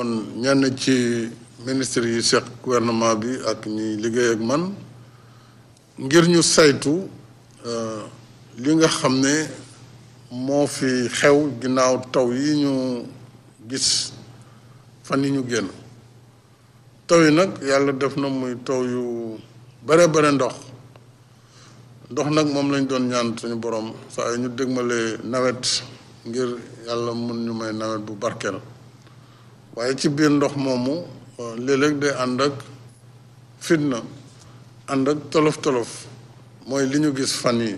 woon ñenn ci ministre yi seq gouvernement bi ak ñi liggéey ak man ngir ñu saytu euh, li nga xam ne moo fi xew ginnaaw taw yi ñu gis fan yi ñu génn taw yi nag yàlla def na muy taw yu bare bare ndox ndox nag moom lañ doon ñaan suñu borom saa yu ñu dégmalee nawet ngir yàlla mun ñu may nawet bu barkeel waaye ci biir ndox moomu léeg-léeg day ànd ak fitna ànd ak tolof-tolof mooy li ñu gis fan yi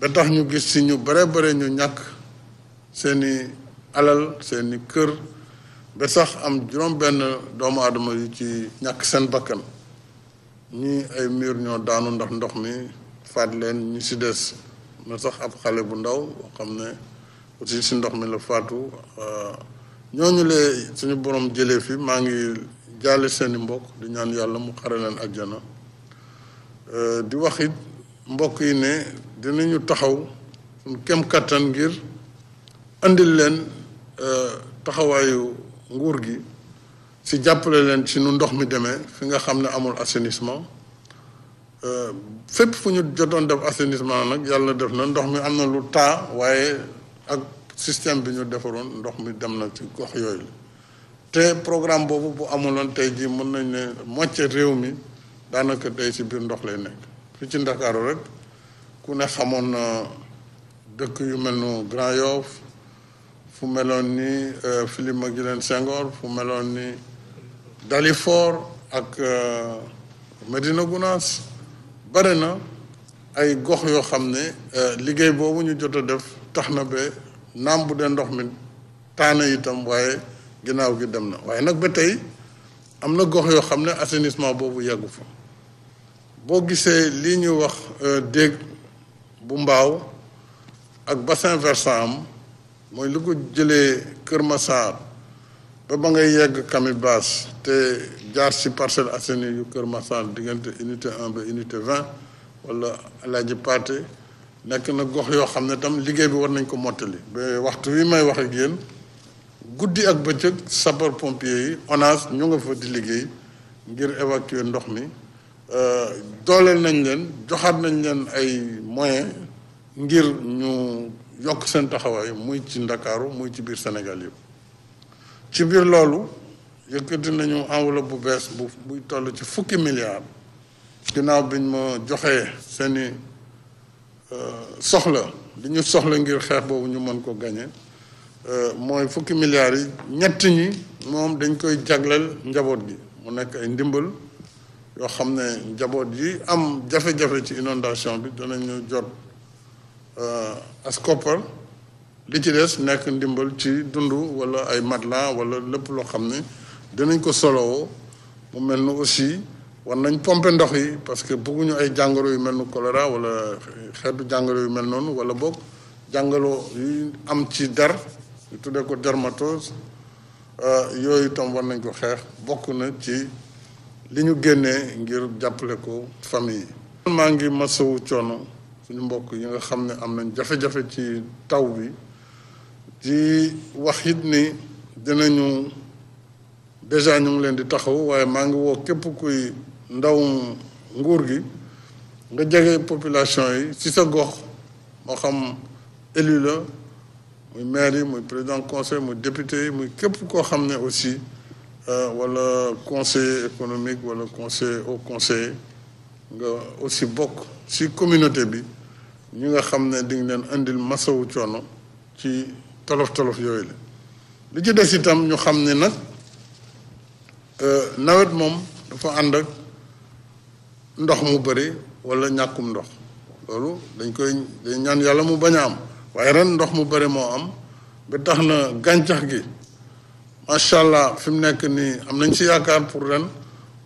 da tax ñu gis ci ñu bare bare ñu ñàkk seeni alal seeni kër ba sax am juróom benn doomu aadama yi ci ñàkk seen bakkan ñi ay mur ñoo daanu ndax ndox mi faat leen ñi si des ma sax ab xale bu ndaw xam ne aussi si ndox mi la faatu euh, ñooñu lee suñu borom jëlee fii maa ngi jaale seeni mbokk di ñaan yàlla mu xare leen àjjana euh, di waxit mbokk yi ne dinañu taxaw suñu kem kattan ngir indil leen euh, taxawaayu nguur gi si jàppale leen ci nu ndox mi demee fi nga xam ne amul assainissement euh, fépp fu ñu jotoon def assainissement nag yàlla def na ndox mi am na lu taa waaye ak système bi ñu defaroon ndox mi dem na ci gox yooyu te programme boobu bu amuloon tey jii mën nañ ne moitié réew mi daanaka tey ci biir ndox lay nekk fii ci Ndakaaru rek ku ne xamoon na dëkk yu mel nu Grand Yoff fu meloon ni euh, Philippe Maguilen sengor fu meloon ni Dalifort ak euh, Medina Gounass bare na ay gox yoo xam ne euh, liggéey boobu ñu jot a def tax na ba naam bu dee ndox mi taana itam waaye ginnaaw gi dem na waaye nag ba tey am na gox yoo xam ne assainissement boobu yeggu fa boo gisee lii ñuy wax euh, déeg bu mbaaw ak bassin versant am mooy lu ko jëlee Kër Massar ba ba ngay yegg Camibas te jaar si Parcelles Assainies yu Kër Massar diggante unité un ba unité 20 wala Alaaji Pate nekk na gox yoo xam ne tam liggéey bi war nañ ko mottali ba waxtu wi may wax ak guddi ak bëccëg sapeur pompier yi ONAS ñu nga fa di liggéey ngir évacuer ndox mi euh, dooleel nañ leen joxaat nañ leen ay moyen ngir ñu yokk seen taxawaay muy ci Ndakaaru muy ci biir Sénégal yi ci biir loolu yëkkati nañu enveloppe bu bees bu buy toll ci fukki milliards ginnaaw biñ ma joxee seeni soxla li ñu soxla ngir xeex boobu ñu mën ko gañe euh, mooy fukki milliards yi ñett ñi moom dañ koy jagleel njaboot gi mu nekk ay ndimbal yoo xam ne njaboot yi am jafe-jafe ci inondation bi danañu jot euh, as koppar li ci des nekk ndimbal ci dund wala ay matelas walla lépp loo xam ne danañ ko solowoo mu mel ni aussi war nañ pomper ndox yi parce que bëgguñu ay jàngoro yu mel ni choléra wala xeetu jàngoro yu mel noonu wala bokk jàngoro yu am ci der ñu tuddee ko dermatose euh, yooyu tam war nañ ko xeex bokk na ci li ñu génnee ngir jàppale ko famille yi. maa ngi masawu coono suñu mbokk yi nga xam ne am nañ jafe-jafe ci taw bi di waxit ni dinañu déjà ñu ngi leen di taxaw waaye maa ngi woo képp kuy. ndaw nguur gi nga jege population yi si sa gox moo xam élu la muy maire yi muy président conseil muy député yi muy képp koo xam ne aussi euh, wala conseiller économique walla conseiller au conseiller nga aussi bokk si communauté bi ñi nga xam ne di leen indil masawu coono ci tolof tolof yooyu la li ci des itam ñu xam ne nag euh, nawet moom dafa ànd ndox mu bëri wala ñàkkum ndox loolu dañ koy dañ ñaan yàlla mu bañ a am waaye ren ndox mu bari moo am ba tax na gàncax gi macha allah fi mu nekk nii am nañ si yaakaar pour ren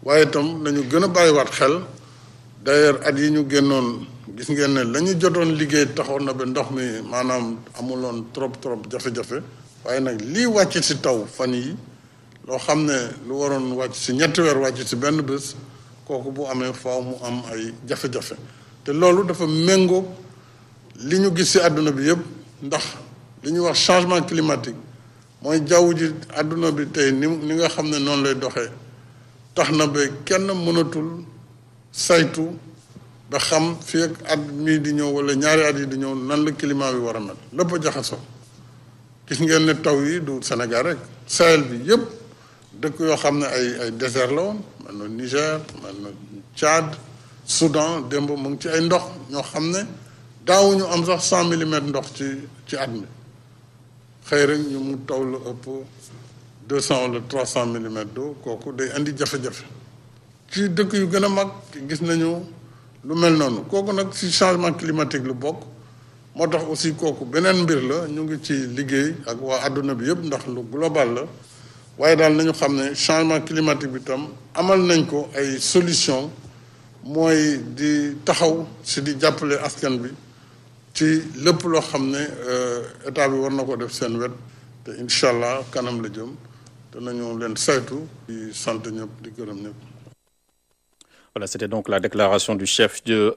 waaye itam nañu gën a bàyyiwaat xel d'ailleurs at yi ñu génnoon gis ngeen ne la jotoon liggéey taxoon na ba ndox mi maanaam amuloon trop trop jafe-jafe waaye nag lii wàcc ci taw fan yi loo xam ne lu waroon wàcc ci ñetti weer wàcc ci benn bés kooku bu amee faaw mu am ay jafe-jafe te loolu dafa méngoo li ñu gis ci àdduna bi yëpp ndax li ñuy wax changement climatique mooy jaww ji àdduna bi tey ni ni nga xam ne noonu lay doxee tax na ba kenn mënatul saytu ba xam fii ak at mii di ñëw wala ñaari at yi di ñëw nan la climat bi war a mel lépp jaxasoo gis ngeen ne taw yi du Sénégal rek Sahel bi yëpp. dëkk yoo xam ne ay ay désert la woon mel na Niger mel na Tchad Soudan démb mu ngi ci ay ndox ñoo xam ne daawuñu am sax cent millimètres ndox ci ci at mi xëy rek ñu mu taw la ëpp deux cent wala trois cent millimètres d'eau kooku day indi jafe-jafe ci dëkk yu gën a mag gis nañu lu mel noonu kooku nag ci changement climatique lu bokk moo tax aussi kooku beneen mbir la ñu ngi ci liggéey ak waa àdduna bi yëpp ndax lu global la waaye daal nañu xam ne changement climatique bi tam amal nañ ko ay solution mooy di taxaw si di jàppale askan bi ci lépp loo xam ne euh, état bi war na ko def seen wet te incha allah kanam la jëm danañu leen saytu di sant ñëpp di gërëm ñëpp. Voilà, c'était donc la déclaration du chef de